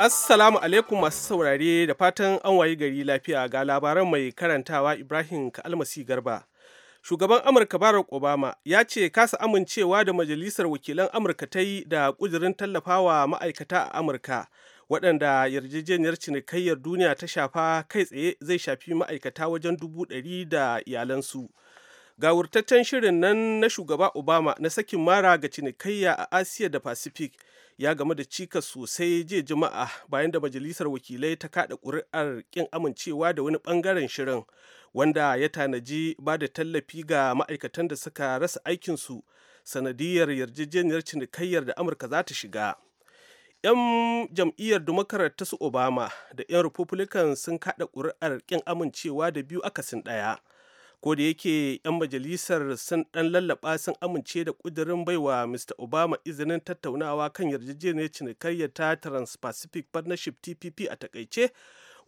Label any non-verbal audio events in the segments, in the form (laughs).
Assalamu alaikum masu saurare da fatan an wayi gari lafiya ga labaran mai karantawa Ibrahim Kalmasi Garba. Shugaban Amurka Barack Obama ya ce kasa amincewa da Majalisar Wakilan Amurka ta yi da ƙudurin tallafawa ma'aikata a Amurka waɗanda yarjejeniyar cinikayyar duniya ta shafa kai tsaye zai shafi ma'aikata wajen dubu ɗari da iyalansu. Gawurtaccen shirin nan na shugaba Obama na sakin mara ga cinikayya a Asiya da Pacific ya gamu da cika sosai jiya juma'a bayan da majalisar wakilai ta kada ƙuri'ar kin amincewa da wani ɓangaren shirin wanda ya tanaji ba da tallafi ga ma'aikatan da suka rasa aikinsu sanadiyar yarjejeniyar cinikayyar da amurka za ta shiga 'yan jam'iyyar dumakarar ta su obama da 'yan republican sun kada ƙuri'ar ƙin amincewa da biyu akasin ɗaya ko da yake 'yan majalisar sun dan lallaba sun amince da kudirin baiwa mr obama izinin tattaunawa kan yarjejeniyar cinikayyar ta trans-pacific partnership tpp a takaice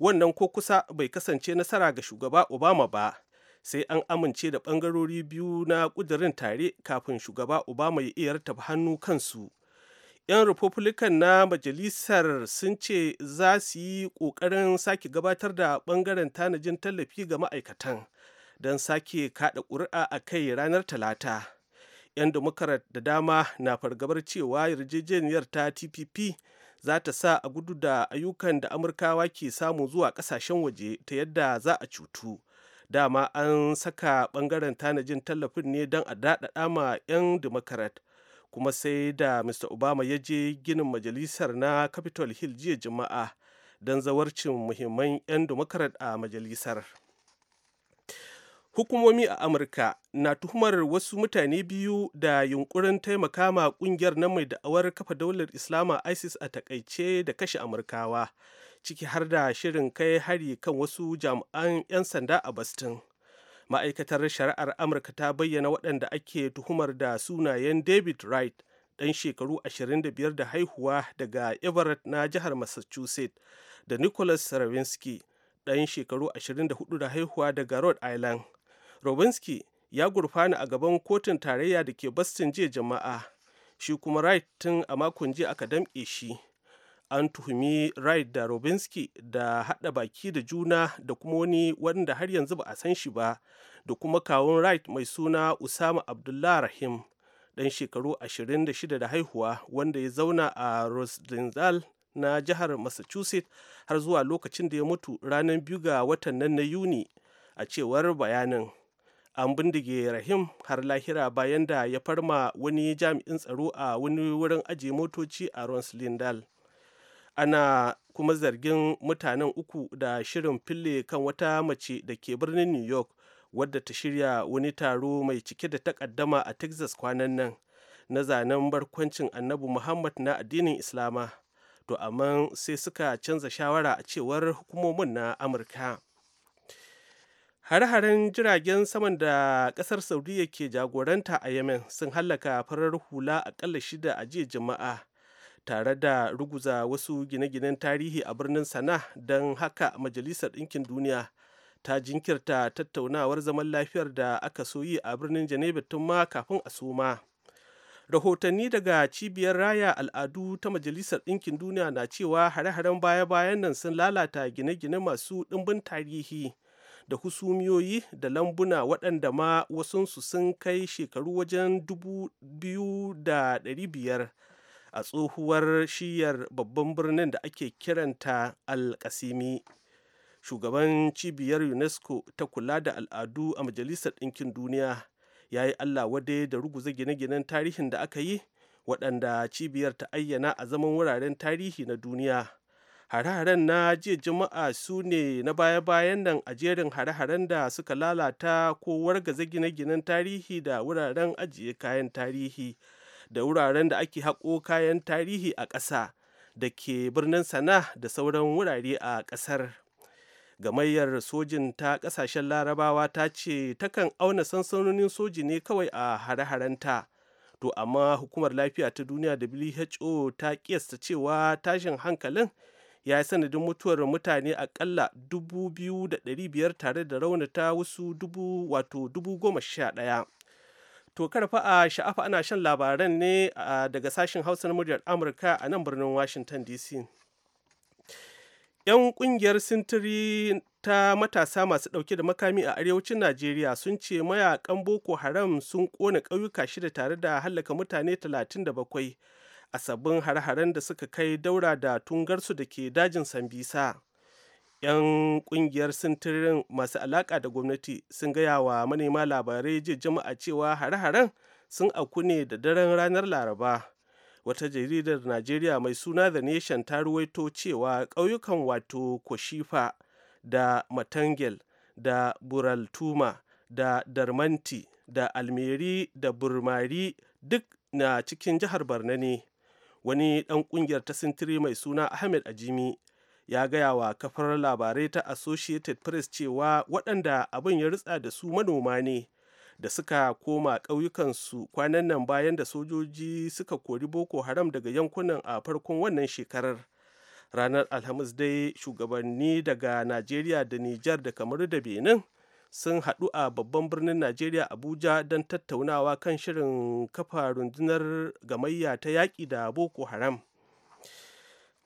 wannan ko kusa bai kasance nasara ga shugaba obama ba sai an amince da bangarori biyu na kudirin tare kafin shugaba obama ya iya rataba hannu kansu 'yan republican na majalisar sun ce za su yi ƙoƙarin sake gabatar da bangaren tanajin tallafi ga ma'aikatan don sake kada ƙuri'a a kai ranar talata 'yan demokarat da dama na fargabar cewa yarjejeniyar ta tpp za ta sa a gudu da ayyukan da amurkawa ke samu zuwa kasashen waje ta yadda za a cutu dama an saka ɓangaren tanajin tallafin ne don a daɗaɗa ma 'yan demokarat kuma sai da mr obama ya je ginin majalisar na capitol hill jiya juma'a don zawarcin muhimman 'yan demokarat a majalisar hukumomi a amurka na tuhumar wasu mutane biyu da yunkurin taimaka ma kungiyar nan mai da'awar kafa daular islama isis a takaice da kashe amurkawa ciki har da shirin kai hari kan wasu jami'an 'yan sanda a bastin ma'aikatar shari'ar amurka ta bayyana waɗanda ake tuhumar da sunayen david wright ɗan shekaru 25 da haihuwa daga everett na jihar massachusetts da nicholas ravinsky ɗan shekaru 24 da haihuwa daga rhode island Robinski ya gurfana a gaban kotun tarayya da ke Boston jiya jama'a, shi kuma Wright tun a makon jiya aka damƙe shi. An tuhumi Wright da Robinski da haɗa baki da juna da kuma wani wanda har yanzu ba a san shi ba da kuma kawun Wright mai suna Usama Abdullah Rahim ɗan shekaru 26 da haihuwa wanda ya zauna a Rosendale na jihar Massachusetts har zuwa lokacin da ya mutu ranar biyu ga watan nan na Yuni a cewar bayanin. an bindige rahim har lahira bayan da ya farma wani jami'in tsaro a wani wurin ajiye motoci a slindal ana kuma zargin mutanen uku da shirin fille kan wata mace da ke birnin new york wadda ta shirya wani taro mai cike da takaddama a texas kwanan nan na zanen barkwancin annabi muhammad na addinin islama to amma sai suka canza shawara a cewar hukumomin na amurka hare-haren jiragen saman da kasar saudiya ke jagoranta a yemen sun hallaka farar hula akalla shida a jiya jama'a tare da ruguza wasu gine-ginen tarihi a birnin sana don haka majalisar ɗinkin duniya ta jinkirta tattaunawar zaman lafiyar da aka so yi a birnin janeba tun ma kafin a soma rahotanni daga cibiyar raya al'adu ta majalisar ɗinkin duniya na cewa hare-haren baya-bayan nan sun lalata gine-gine masu ɗimbin tarihi da husumiyoyi da lambuna waɗanda ma wasunsu sun kai shekaru wajen dubu biyu da biyar a tsohuwar shiyar babban birnin da ake kiranta alkasimi shugaban cibiyar unesco ta kula da al'adu a majalisar ɗinkin duniya ya yi allah wade da ruguza gine-ginen tarihin da aka yi waɗanda cibiyar ta ayyana a zaman wuraren tarihi na duniya hare-haren na jiya juma'a su ne na baya-bayan nan a jerin hare-haren da suka lalata ko wargaza gine-ginen tarihi da wuraren ajiye kayan tarihi da wuraren da ake haƙo kayan tarihi a ƙasa da ke birnin sana da sauran wurare a ƙasar gamayyar sojin ta ƙasashen larabawa ta ce takan auna sansanonin soji ne kawai a hare-harenta to amma hukumar lafiya ta duniya who ta kiyasta cewa tashin hankalin ya yi sanadin mutuwar mutane akalla biyar tare da raunata wasu dubu wato ɗaya. to karfa a sha'afa ana shan labaran ne daga sashen hausa na muryar amurka a nan birnin washington dc 'yan kungiyar sintiri ta matasa masu ɗauke da makami a arewacin najeriya sun ce mayakan boko haram sun ƙona ƙauyuka shida tare da hallaka mutane talatin da bakwai. a sabbin har-haren da suka kai daura da tungarsu da ke dajin sambisa 'yan ƙungiyar sintirin masu alaƙa da gwamnati sun gaya wa manema labarai jiya jama'a cewa hare-haren sun aku ne da daren ranar laraba wata jaridar najeriya mai suna da nation ta ruwaito cewa ƙauyukan wato koshifa da matangel da buraltuma da darmanti da almeri da burmari duk na cikin jihar Barnani. ne wani ɗan ƙungiyar ta sintiri mai suna ahmed ajimi ya gaya wa kafar labarai ta associated press cewa waɗanda abin ya ritsa da su manoma ne da suka koma ƙauyukansu kwanan nan bayan da sojoji suka kori boko haram daga yankunan a farkon wannan shekarar ranar alhamis dai shugabanni daga najeriya da nijar da kamar da benin sun haɗu a babban birnin najeriya abuja don tattaunawa kan shirin kafa rundunar gamayya ta yaƙi da boko haram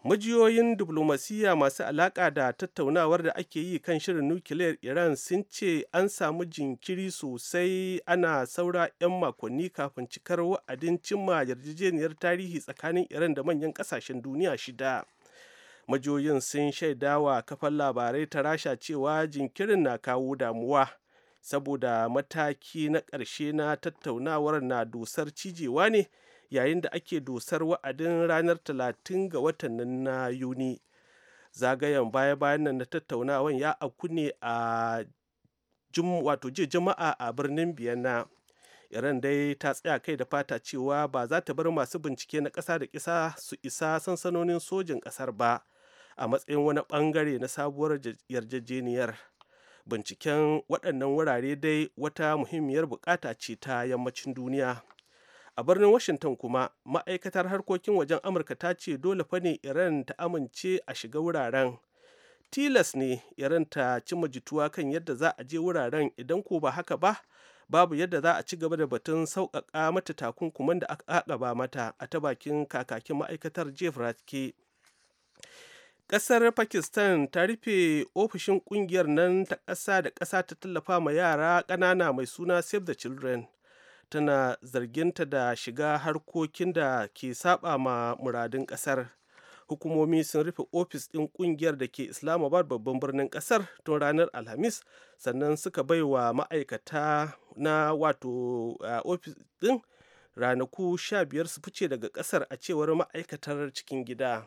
majiyoyin diflomasiyya masu alaƙa da tattaunawar da ake yi kan shirin nukiliyar iran sun ce an samu jinkiri sosai ana saura 'yan makonni kafin cikar wa'adin cimma yarjejeniyar tarihi tsakanin iran da manyan ƙasashen duniya shida majoyin sun shaida wa kafan labarai ta rasha cewa jinkirin na kawo damuwa saboda mataki na ƙarshe na tattaunawar na dusar cijewa ne yayin da ake dusar wa'adin ranar 30 ga watan na yuni zagayen baya-bayan nan na tattaunawan ya auku ne a wato jiya a birnin biyana iran dai ta tsaya kai da fata cewa ba za ta bar masu bincike na ƙasa da ƙasa su isa sansanonin sojin ƙasar ba a matsayin wani bangare na sabuwar yarjejeniyar binciken waɗannan wurare dai wata muhimmiyar bukata ce ta yammacin duniya a birnin washington kuma ma'aikatar harkokin wajen amurka ta ce dole fa ne iran ta amince a shiga wuraren tilas ne iran ta cima jituwa kan yadda za a je wuraren idan ko ba haka ba babu yadda za a ci gaba da batun sauƙaƙa mata takunkuman da aka ba mata a ta bakin kakakin ma'aikatar jeff ratke Ƙasar Pakistan ta rufe ofishin ƙungiyar nan ta ƙasa da ƙasa ta tallafa ma yara ƙanana mai suna Save the Children. Tana zarginta da shiga harkokin da ke saba ma muradin ƙasar. Hukumomi sun rufe ofis ɗin ƙungiyar da ke Islamabad babban birnin ƙasar tun ranar Alhamis, sannan suka baiwa ma'aikata na wato ofis ɗin ranaku sha biyar su fice daga ƙasar a cewar ma'aikatar cikin gida.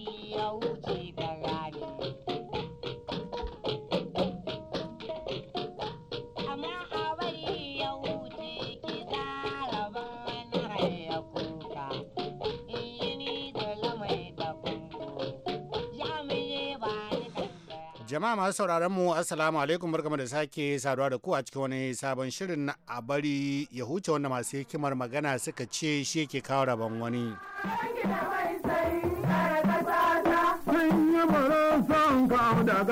Jama'a masu sauraron mu Assalamu alaikum barkamu da sake saduwa da ku a cikin wani sabon shirin a bari ya huce wanda masu hikimar magana suka ce shi yake kawo rabon wani. Sun yi baro son da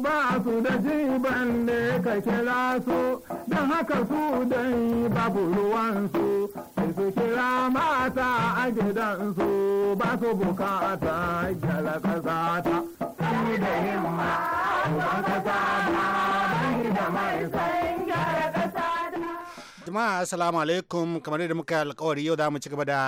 ba su da ka kira su don haka su dai babu ruwansu sai su kira mata a gidansu ba su bukata gyara ƙasa sanyi da himma da mai san jama'a assalamu alaikum kamar yadda muka alkawari yau za mu ci gaba da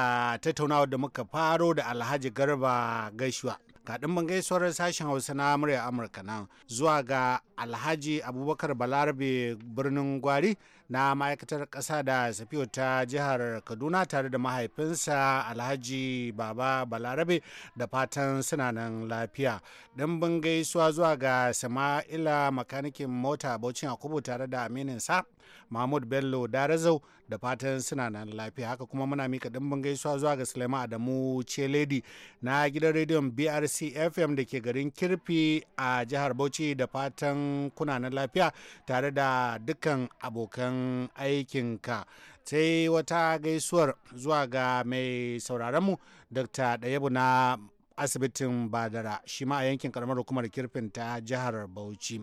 tattaunawa da muka faro da alhaji garba gaishuwa kaɗin ɗimbin gaisuwar sashen hausa na murya amurka nan zuwa ga alhaji abubakar balarabe birnin gwari na ma'aikatar ƙasa da safiyo ta jihar kaduna tare da mahaifinsa alhaji baba balarabe da fatan suna nan lafiya ɗimbin gaisuwa zuwa ga sama'ila makanikin mota baucin yakubu tare da amininsa mahmud bello darazau da fatan suna nan lafiya haka kuma muna mika dimbin gaisuwa zuwa ga sulaiman adamu celedi na gidan rediyon brc fm da ke garin kirfi a jihar bauchi da fatan kunanan lafiya tare da dukkan abokan abokan aikinka sai wata gaisuwar zuwa ga mai sauraronmu dr ɗayabu na asibitin badara shi ma a yankin karamar hukumar kirfin ta jihar bauchi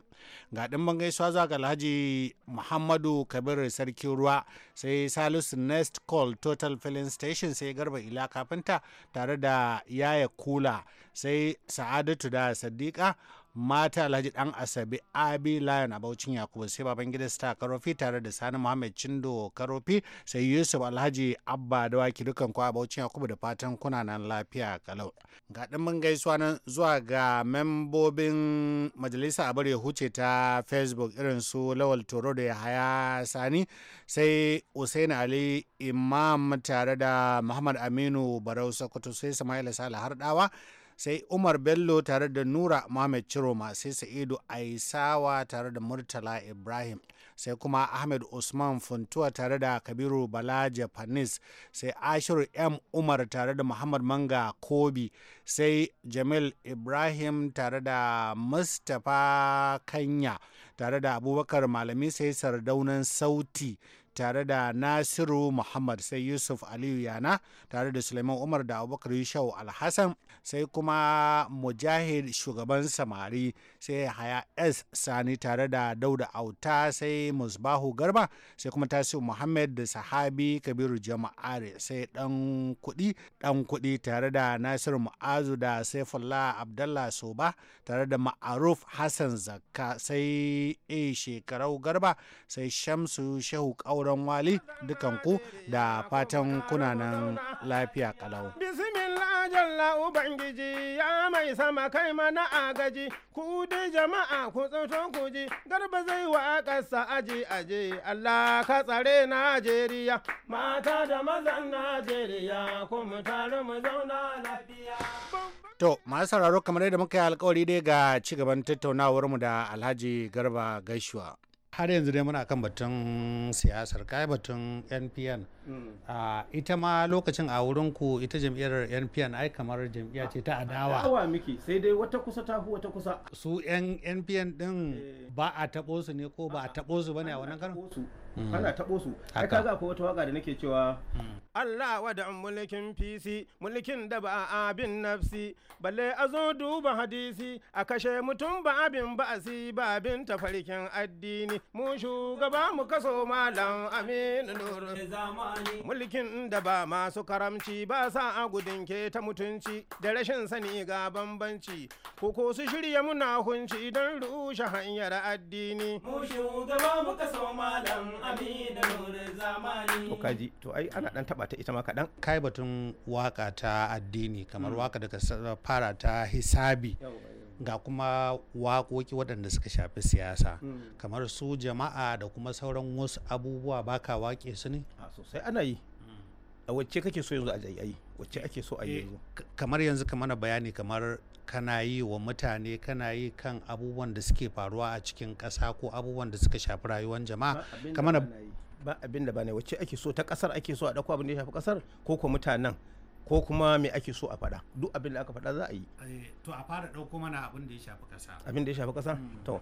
ga ɗimban gaisuwa zuwa ga alhaji muhammadu kabir sarki ruwa sai salus nest call total filling station sai garba ila kafinta tare da yaya kula sai sa'adatu da sadiqa mata alhaji dan asabe abi lion a baucin yakubu sai baban gida star karofi tare da sani muhammad chindo karofi sai yusuf alhaji abba dawaki dukan kwa a baucin yakubu da fatan kuna nan lafiya kalau ga dimbin gaisuwa nan zuwa ga membobin majalisa abar ya huce ta facebook irin su lawal toro da ya haya sani sai usain ali imam tare da muhammad aminu barau sokoto sai sama'ila sale hardawa sai umar bello tare da nura mohamed chiroma sai sa'idu aisawa tare da murtala ibrahim sai kuma ahmed usman funtuwa tare da kabiru bala japanis sai ashiru m umar tare da muhammad manga kobi sai jamil ibrahim tare da mustapha kanya tare da abubakar malami sai sardaunan sauti tare da nasiru muhammad sai yusuf aliyu yana tare da suleiman umar da abubakar yushau alhassan sai kuma mujahid shugaban samari sai haya s sani tare da dauda auta sai musbahu garba sai kuma tasiu muhammad da sahabi kabiru jama'are sai dan kudi dan kudi tare da nasiru mu'azu da saifullah abdallah soba tare da ma'aruf hassan zakka sai a e shekarau garba sai shamsu shehu kawar. kauran wali dukanku da fatan kunanan lafiya kalau. Bismillah jalla Ubangiji ya mai sama kai mana agaji ku jama'a ku tsoto ku ji garba zai wa ƙasa aji Allah ka tsare Najeriya. Mata da mazan Najeriya kuma tare mu zauna lafiya. To, masu sauraro kamar yadda muka yi alkawari dai ga ci tattaunawar tattaunawarmu da Alhaji Garba Gaishuwa. har yanzu dai muna kan batun siyasar kai batun npn mm. ita ma lokacin a wurinku ita jam'iyyar npn ai kamar jam'iyya ce ta adawa adawa miki sai dai wata kusa ta wata kusa su yan npn din eh. ba a taɓo su ne ko ba a taɓo su bane a wannan karin Mm. ana taɓo su ai kaga akwai wata waka da nake cewa mm. Allah da mulkin fisi mulkin da ba abin nafsi balle a zo duba hadisi a kashe mutum ba abin ba'asi ba abin tafarkin addini mu shugaba mu kaso malam aminu nuru mulkin da ba masu karamci ba sa a gudun ta mutunci da rashin sani ga bambanci ko ko su shirya muna hunci idan rushe hanyar addini mu shugaba mu kaso malam to kaji to ai ana dan taba ta ita ma kadan kai batun waka ta addini kamar mm. waka daga fara ta hisabi ga kuma wakoki waɗanda suka shafi siyasa mm. kamar su jama'a da kuma sauran wasu abubuwa baka wake su ne sosai ana yi mm. a wacce kake so yanzu a yi wacce ake so a eh, yanzu kamar yanzu ka mana bayani kamar kana yi wa mutane kana yi kan abubuwan da suke faruwa a cikin ƙasa ko abubuwan da suka shafi rayuwar jama'a kamar ba abin da ba ne wacce ake so ta kasar ake so a dauko abin da ya shafi kasar ko ko mutanen ko kuma me ake so a faɗa duk abin da aka faɗa za a yi eh, to a fara dauko mana abin da ya shafi kasa abin da ya shafi kasa mm. to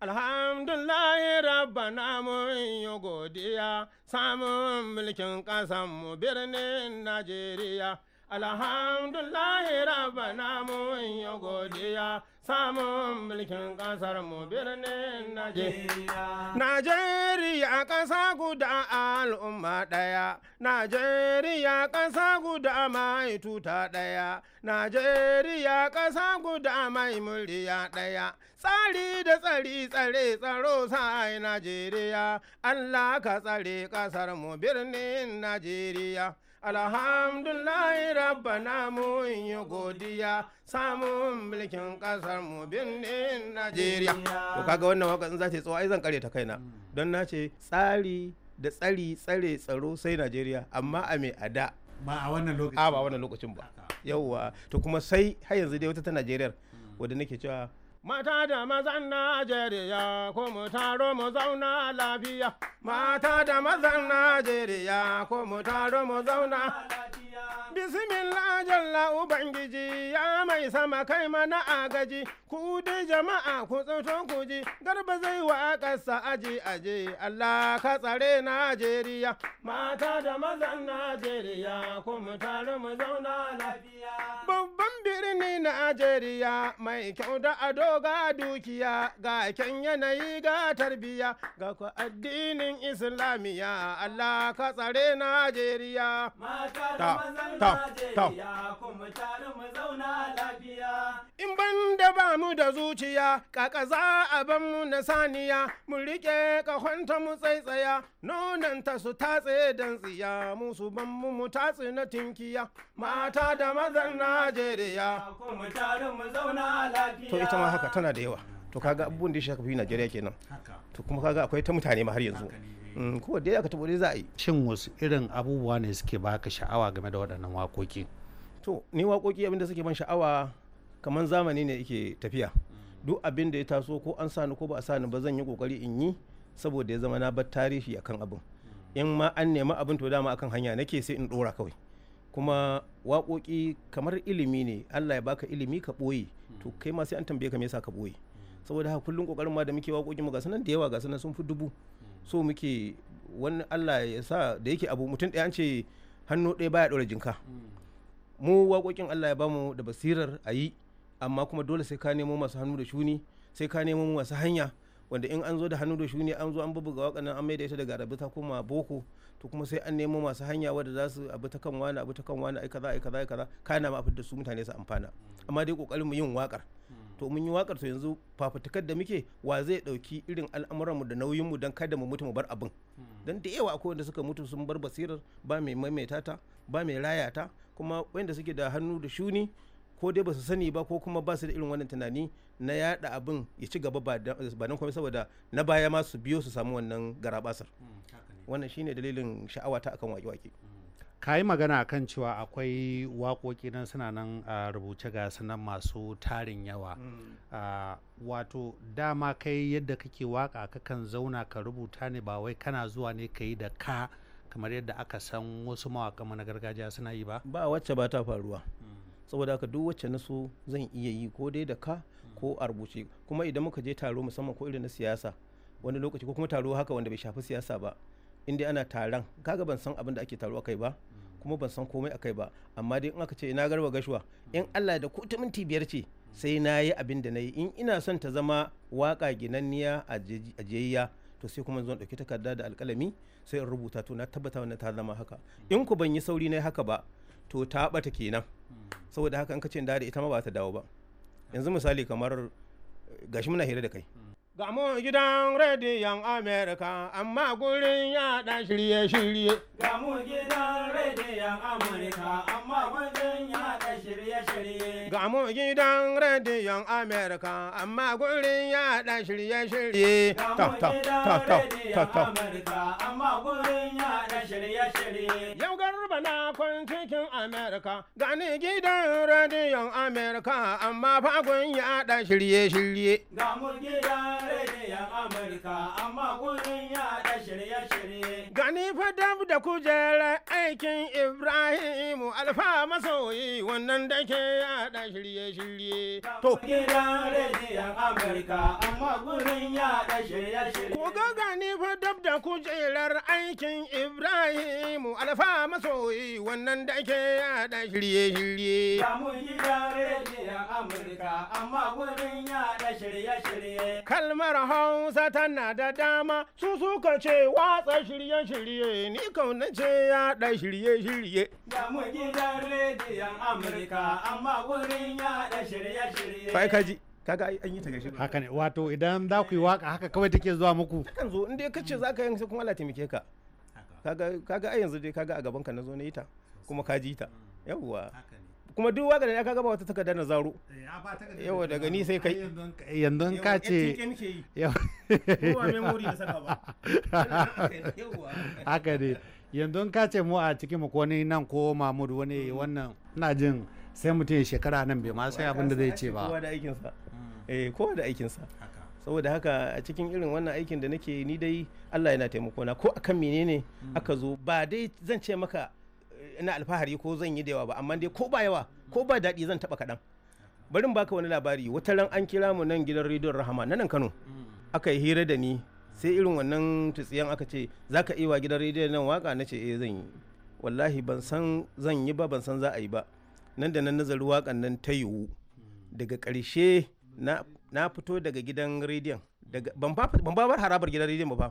alhamdulillah rabbana mun yi godiya samun mulkin mu birnin Najeriya alhamdulillahi rabbana mun yi godiya samun mulkin kasar mu birni Najeriya. Najeriya ƙasa guda al'umma ɗaya, Najeriya ƙasa guda mai tuta ɗaya, Najeriya ƙasa guda mai murya ɗaya. Tsari da tsari tsare tsaro sai Najeriya, Allah ka tsare ƙasar mu birnin Najeriya. alhamdulillahi rabbana mu yi godiya samun mulkin kasar mu birnin najeriya to kaga wannan waka in za ta tsawo ai zan kare ta kaina don na ce tsari da tsari tsare tsaro sai najeriya amma a me a da ba a wannan lokacin ba a wannan lokacin ba yauwa to kuma sai har yanzu dai wata ta najeriya hmm. wadda nake cewa Mata da mazan Najeriya ko mu taro mu zauna lafiya. Mata da mazan Najeriya ko mu taro mu zauna lafiya. Bismillah jalla Ubangiji ya mai sama kai mana agaji. Ku da jama'a ku tsoto ku ji garba zai wa ƙasa aji aje Allah ka tsare Najeriya. Mata da mazan Najeriya ko mu taro mu zauna lafiya. Babban birni Najeriya mai kyau da ado ga dukiya ga kyan yanayi ga tarbiya ga ku addinin Islamiya Allah ka tsare Najeriya. Mata da mazan Najeriya kuma mu zauna lafiya. In ban da ba mu da zuciya kakaza a ban mu na saniya mu riƙe ƙahonta mu tsaitsaya nonan ta su tatse dan tsiya musu ban mu mu tatsi na tinkiya mata da mazan Najeriya. ya to ita ma haka tana da yawa to kaga abubuwan da ya shafi Najeriya kenan to kuma kaga akwai ta mutane ma har yanzu eh. mm, ko da aka tabo za a yi shin wasu irin abubuwa ne suke baka sha'awa game da waɗannan waƙoƙi to ni waƙoƙi abinda suke ban sha'awa kamar zamani ne yake tafiya duk abin da ya taso ko an sani ko ba a sani ba zan yi kokari in yi saboda ya zama na bar tarihi akan abin in ma an nemi abin to dama akan hanya nake sai in dora kawai kuma waƙoƙi kamar ilimi ne allah ya baka ilimi ka ɓoye to hmm. kai ma sai an tambaye ka me yasa ka ɓoye saboda haka kullum kokarin ma da muke waƙoƙi mu ga sanan da yawa ga sanan sun fi dubu hmm. so muke wani allah ya sa da yake abu mutum ɗaya an ce hannu ɗaya baya ɗora jinka hmm. mu waƙoƙin allah ya bamu da basirar a yi amma kuma dole sai ka nemo masu hannu da shuni sai ka nemo masu hanya wanda in an zo da hannu da shuni an zo an bubuga waƙa nan an maida ita daga arabi ko koma boko to kuma sai an nemo masu hanya wadda za su abu ta kan wani abu ta kan wani ai kaza ai kaza ai kaza kana ma fitar da su mutane su amfana mm. amma dai kokarin mu yin wakar mm. to mun yi wakar to yanzu fafutukar da muke wa zai dauki irin al'amuran mu da nauyin mu dan kada mu mutu mu bar abin mm. dan da yawa akwai wanda suka mutu sun bar basirar ba mai maimaita ta ba mai raya ta kuma wanda suke da hannu da shuni ko dai ba su sani ba ko kuma ba su da irin wannan tunani na yada abin ya ci gaba ba don kuma saboda na baya ma su biyo su samu wannan garabasar mm, wannan shine dalilin sha'awata akan wake-wake mm. ka yi magana kan cewa akwai waƙoƙi nan suna nan a rubuce ga sunan masu tarin yawa mm. wato dama kai yadda kake waka kakan zauna ka rubuta ne ba wai kana zuwa ne ka yi da ka kamar yadda aka san wasu mawaka na gargajiya suna yi ba ba wacce ba ta faruwa saboda haka duk wacce na so zan iya yi ko dai da ka ko a rubuce kuma idan muka je taro musamman ko irin na siyasa wani lokaci ko kuma taro haka wanda bai shafi siyasa ba inda ana taron kaga ban san abin da ake taro akai ba kuma ban san komai akai ba amma dai in aka ce ina garba gashuwa in Allah da ko minti biyar ce sai na yi abin da na yi in ina son ta zama waka ginanniya a jiyayya to sai kuma zan ɗauki takarda da alƙalami sai in rubuta to na tabbata wannan ta zama haka in ku ban yi sauri na haka ba to ta ɓata kenan saboda haka in ka ce da ita ma ba ta dawo ba yanzu misali kamar gashi muna hira da kai ga mu gidan rediyon Amerika amma gurin yaɗa shirye-shirye. Ga mu gidan rediyon Amerika amma gurin yaɗa shirye-shirye. Ga mu gidan rediyon Amerika amma gurin yaɗa shirye-shirye. Ga mu gidan rediyon Amerika amma gurin yaɗa shirye-shirye. Yau garba na kun cikin Amerika gani gidan rediyon Amerika amma fagun yaɗa shirye-shirye. Ga mu gidan gani Amurka amma gurin shirye-shirye. Gani da kujerar aikin Ibrahimu alfa masoyi wannan da ke yada shirye-shirye. To. Gidan rediyon Amurka amma gurin yada shirye-shirye. Ko gani fa gab da kujerar aikin ibrahim alfa masoyi wannan da ake yada shirye-shirye. Ya mun yi yare Amurka amma wurin yada shirye-shirye. Kalmar Hausa tana da dama su suka ce watsa shirye-shirye ni kauna ce yada shirye-shirye. Ya mun yi yare Amurka amma wurin yada shirye-shirye. Fai kaji. kaga ai an yi ta gashi haka ne wato idan za ku yi waka haka kawai take zuwa muku takan zo inda ka za ka yi sai kuma Allah taimake ka kaga kaga ai yanzu dai kaga a gaban ka na zo na yi ta kuma ka ji ta mm. yawwa kuma duk waka da ya kaga ba wata takarda na zaro eh, yawa daga ni sai kai yanzu ka eh, ce (laughs) haka ne yanzu ka ce mu a cikin ko ne nan ko mahmud wani mm. wannan ina jin sai mutum shekara nan bai ma sai abin da zai ce ba eh kowa da aikinsa saboda haka a cikin irin wannan aikin da nake ni dai Allah yana taimako na ko akan menene hmm. aka zo ba dai zan ce maka eh, ina alfahari ko zan yi da yawa ba amma dai ko ba yawa ko ba daɗi zan taɓa kaɗan barin baka wani labari wata ran an kira mu nan gidan rediyon rahama na nan kano hmm. aka yi hira da ni sai irin wannan tutsiyan aka ce za ka iya gidan rediyon nan waka na ce eh zan yi wallahi ban san zan yi ba ban san za a yi ba nan da nan nazarin wakan nan ta yiwu hmm. daga ƙarshe na fito daga gidan rediyon ban ba bar harabar gidan rediyon ba fa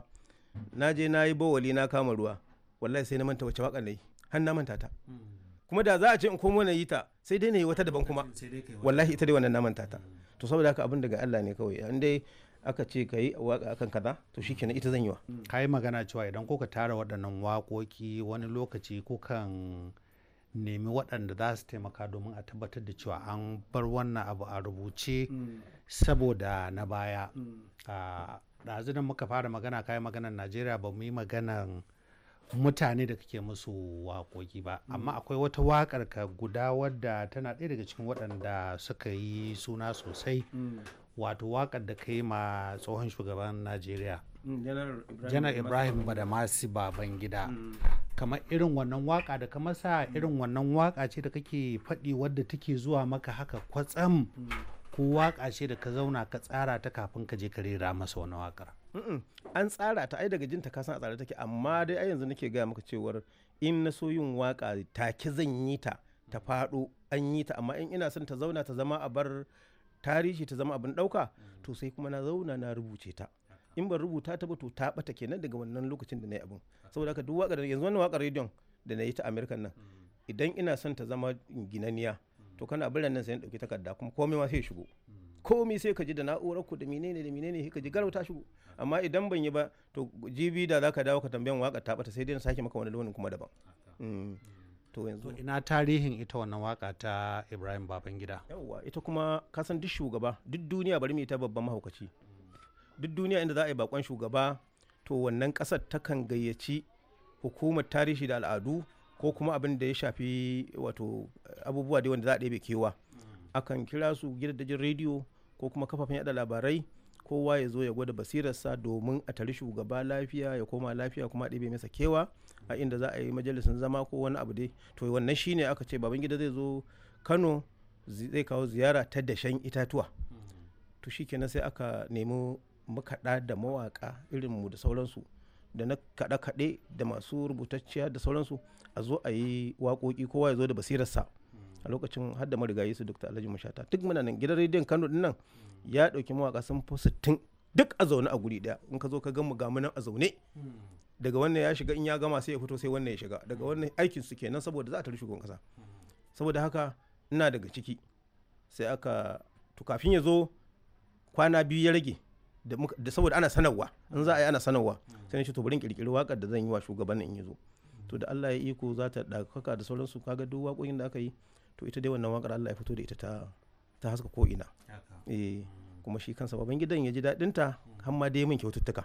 na je na yi bawali na kama ruwa wallahi sai na manta wace waka na yi har na manta ta kuma da za a ce in komo na yi ta sai dai na yi wata daban kuma wallahi ita dai wannan na manta ta to saboda haka abin daga Allah ne kawai in dai aka ce ka yi waka akan kaza to shikenan ita zan yi wa ka yi magana cewa idan ko ka tara waɗannan waƙoƙi wani lokaci ko kan nemi waɗanda za su taimaka domin a tabbatar da cewa an bar wannan abu a rubuce saboda na baya ɗazu da muka fara magana kayan maganar najeriya ba mu yi maganar mutane da kake musu waƙoƙi ba amma akwai wata waƙar ka guda wadda tana ɗaya daga cikin waɗanda suka yi suna sosai mm. wato waƙar da ka yi ma tsohon shugaban najeriya Mm, janar ibrahim badamasi baban gida mm. kamar irin wannan waka da kamar sa mm. irin wannan waka ce da kake faɗi wadda take zuwa maka haka kwatsam ko waka ce da ka zauna ka tsara ta kafin ka je ka rera masa wani wakar an tsara ta ai daga jin ta kasan a tsare take amma dai ai yanzu nake gaya maka cewar in na so yin waka take zan yi ta ta faɗo an yi ta amma in ina son ta zauna ta zama a bar tarihi ta zama abin ɗauka to sai kuma na zauna na rubuce ta in ban rubuta ta ba to ta bata kenan daga wannan lokacin da na yi abin saboda haka duk waƙar yanzu wannan waka rediyon da na yi ta america nan mm. idan ina son ta zama ginaniya mm. to kana biran nan sai in dauki takarda kuma komai ma sai shigo mm. komai sai ka ji da na'urar ku da menene da menene sai ka ji garau ta shigo ah. amma idan ban yi ba to jibi da zaka dawo ka tambayan waka ta bata sai dai na sake maka wani launin kuma daban to yanzu ina tarihin ita wannan waka ta Ibrahim Babangida yawa ita kuma ka san duk shugaba duk duniya bari mu ta babban mahaukaci duk duniya inda za a yi bakon shugaba to wannan ƙasar takan gayyaci hukumar tarihi da al'adu ko kuma abin da ya shafi wato abubuwa dai wanda za a ɗebe kewa akan kira su gidajen rediyo ko kuma kafafen yada labarai kowa ya zo ya gwada basirarsa domin a tari shugaba lafiya ya koma lafiya kuma a ɗebe masa kewa a inda za a yi majalisin zama ko wani abu dai to wannan shine aka ce baban gida zai zo kano zai kawo ziyara ta dashen itatuwa to kenan sai aka nemi makaɗa da mawaƙa irinmu da sauransu da na kaɗe-kaɗe da masu rubutacciya da sauransu a zo a yi waƙoƙi kowa ya zo da basirarsa a lokacin hadda marigayi su dr alhaji mashata duk muna nan gidan rediyon kano din nan ya ɗauki mawaƙa sun fi sittin duk a zaune a guri ɗaya in ka zo ka gamu gamu nan a zaune daga wannan ya shiga in ya gama sai ya fito sai wannan ya shiga daga wannan aikin su kenan saboda za a tarishi shugaban kasa saboda haka ina daga ciki sai aka to kafin ya zo kwana biyu ya rage da saboda ana sanarwa in za a yi ana sanarwa sai na to bari kirkiri wakar da zan yi wa shugaban in yazo to da Allah ya iko za ta dakaka da sauransu kaga duk waƙoƙin da aka yi to ita dai wannan wakar Allah ya fito da ita ta ta haska ko ina eh kuma shi kansa baban gidan ya ji daɗin ta har ma dai min kyaututtuka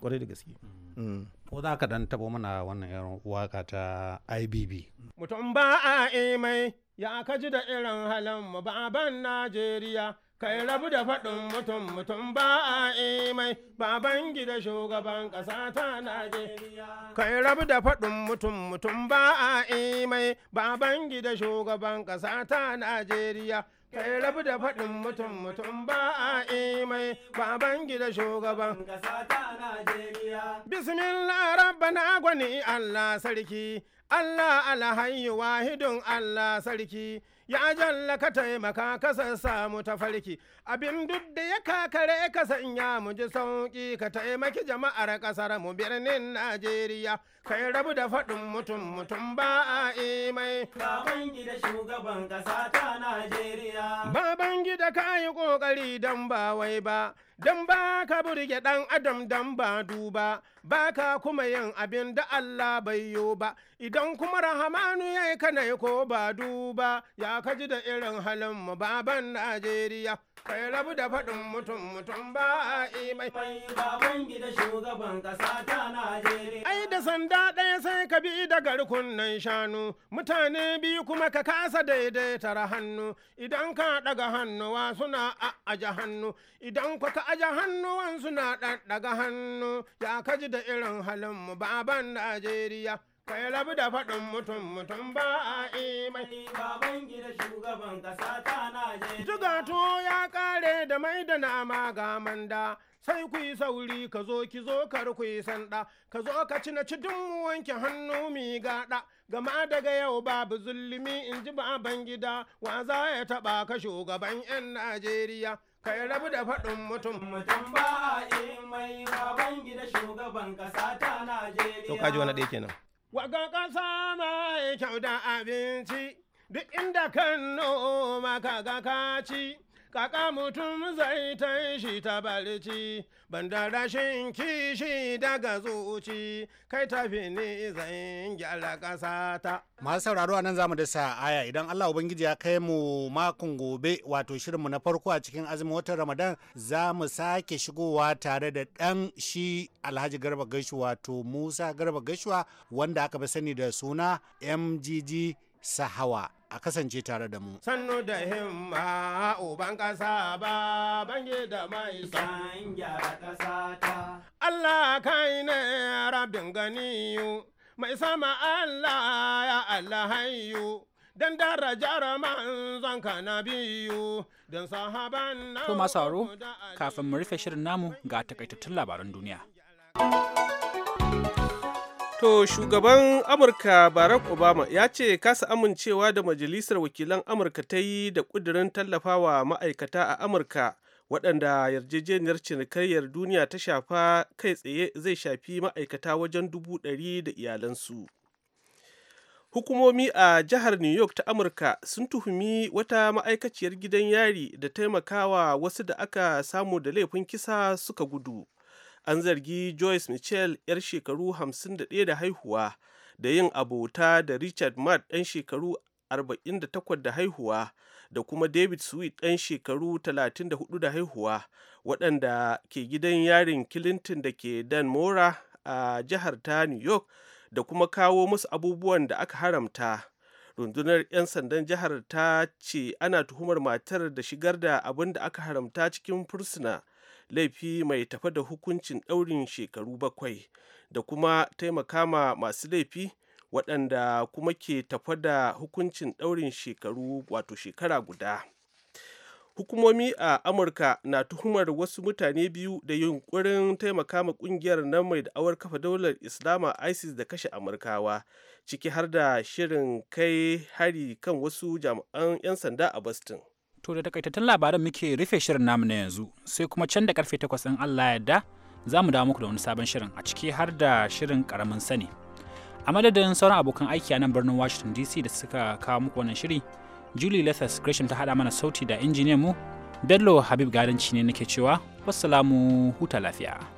kwarai da gaske mm. Mm. ko za ka dan tabo mana wannan irin waka ta IBB mutum ba a imai eh ya kaji da irin halin mu ba ban Najeriya Kai rabu da faɗin mutum mutum ba a imai baban gida shugaban ƙasa ta Najeriya. Kai rabu da faɗin mutum mutum ba a imai baban gida shugaban ƙasa ta Najeriya. Kai rabu da faɗin mutum mutum ba a imai baban gida shugaban ƙasa ta Najeriya. Bismillah rabbana gwani Allah sarki. Allah alhayyu wahidun Allah sarki. ya jalla ka taimaka ka samu mu tafarki abin duk da ya kakare ka sanya mu ji sauki ka taimaki jama'ar kasar mu birnin Najeriya kai rabu da faɗin mutum mutum ba a imai baban shugaban kasa ta Najeriya baban gida ka yi kokari dan ba wai ba dan ba ka burge dan adam dan ba duba baka kuma yin abin da Allah bai yi ba idan kuma rahamanu ya yi kanai ko ba duba ya kaji da irin halin mu baban Najeriya kai rabu da faɗin mutum mutum ba a imai. baban gida shugaban ƙasa ta Najeriya. Ai da sanda ɗaya sai ka bi da nan shanu mutane biyu kuma ka kasa daidaitar hannu idan ka ɗaga hannuwa suna a aja hannu idan ka aja hannuwan suna ɗaɗɗaga hannu ya kaji da irin halin mu ba ban Najeriya. Kai labu da faɗin mutum mutum ba a imai. Baban gida shugaban kasa ta Najeriya. Jigato ya ƙare da mai da nama ga manda. sai ku yi sauri ka zo ki zo kar ku yi sanda ka zo ka ci na ci duk mu wanke hannu mi gaɗa gama daga yau babu zulumi in ji baban gida wa za ya taɓa ka shugaban 'yan najeriya kai rabu da faɗin mutum mutum ba a shugaban ƙasa ta To kaji wani ɗaya kenan. Waga ƙasa mai kyau da abinci duk inda kan noma kaga kaci. kaka mutum zai tashi ta balici banda rashin kishi daga zuci kai tafi ni zan gyara kasa ta. masu sauraro a nan zamu da sa aya idan Allah Ubangiji ya kai mu makon gobe wato shirinmu na farko a cikin azumin watan Ramadan za mu sake shigowa tare da ɗan shi Alhaji Garba Gashuwa wato Musa Garba Gashuwa wanda aka fi sani da suna MGG Sahawa. a kasance tare da mu. Sannu da himma uban ƙasa ba bange da mai san gyara ƙasa ta. Allah kai ne rabin ganiyu mai sama Allah ya Allah hayu. Dan darajar manzon ka na biyu don sahaban na. To sauro kafin mu rufe shirin namu ga takaitattun labaran duniya. To shugaban Amurka Barack Obama ya ce kasa amincewa da Majalisar Wakilan Amurka ta yi da ƙudurin tallafawa ma'aikata a Amurka waɗanda yarjejeniyar cinikayyar duniya ta shafa kai tsaye zai shafi ma'aikata wajen dubu ɗari da iyalansu. Hukumomi a jihar New York ta Amurka sun tuhumi wata ma'aikaciyar gidan yari da taimakawa wasu da aka samu da laifin kisa suka gudu. an zargi joyce mitchell 'yar shekaru 51 da haihuwa da yin abota da richard Matt ɗan shekaru 48 da haihuwa da kuma david sweet ɗan shekaru 34 da haihuwa waɗanda ke gidan yarin clinton da ke dan mora a jihar ta new york da kuma kawo musu abubuwan da aka haramta rundunar 'yan sandan jihar ta ce ana tuhumar matar da shigar da abin da aka haramta cikin fursuna laifi mai tafa da hukuncin ɗaurin shekaru bakwai da kuma taimaka ma masu laifi waɗanda kuma ke tafa da hukuncin ɗaurin shekaru wato shekara guda hukumomi a amurka na tuhumar wasu mutane biyu da yunkurin taimaka ma kungiyar nan mai da'awar kafa daular islama isis da kashe amurkawa ciki har da shirin kai hari kan wasu jami'an 'yan sanda a boston To da takaitattun labaran muke rufe shirin namu na yanzu sai kuma can da karfe takwas in Allah yarda za mu dawo muku da wani sabon shirin a ciki har da shirin karamin sani. A madadin sauran abokan aiki a nan birnin Washington DC da suka kawo muku wannan shiri, Julie Lethas Gresham ta haɗa mana sauti da injiniyan mu, Bello Habib Gadanci ne nake cewa, wassalamu huta lafiya.